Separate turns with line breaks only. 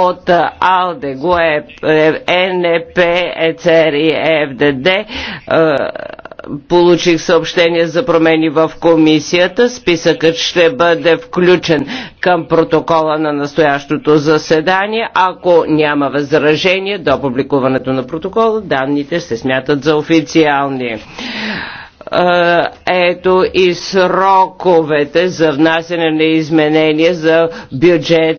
от АЛДЕ, ГОЕ, НЕП, ЕЦЕР и е ФДД е, получих съобщение за промени в комисията. Списъкът ще бъде включен към протокола на настоящото заседание. Ако няма възражение до публикуването на протокола, данните се смятат за официални е, ето и сроковете за внасяне на изменения за бюджет